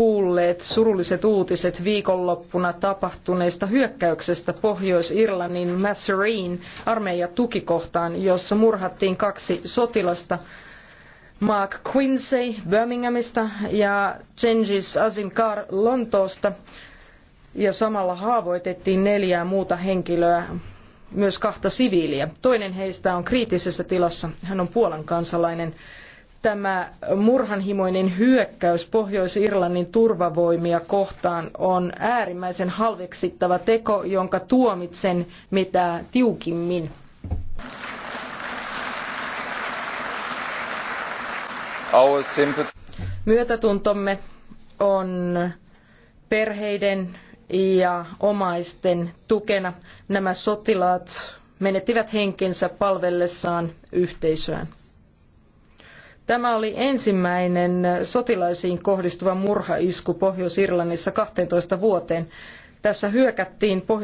kuulleet surulliset uutiset viikonloppuna tapahtuneesta hyökkäyksestä Pohjois-Irlannin Massereen armeijatukikohtaan, jossa murhattiin kaksi sotilasta, Mark Quincy Birminghamista ja Cengiz Azinkar Lontoosta, ja samalla haavoitettiin neljää muuta henkilöä, myös kahta siviiliä. Toinen heistä on kriittisessä tilassa, hän on Puolan kansalainen tämä murhanhimoinen hyökkäys Pohjois-Irlannin turvavoimia kohtaan on äärimmäisen halveksittava teko, jonka tuomitsen mitä tiukimmin. Myötätuntomme on perheiden ja omaisten tukena. Nämä sotilaat menettivät henkensä palvellessaan yhteisöään. Tämä oli ensimmäinen sotilaisiin kohdistuva murhaisku Pohjois-Irlannissa 12 vuoteen. Tässä hyökättiin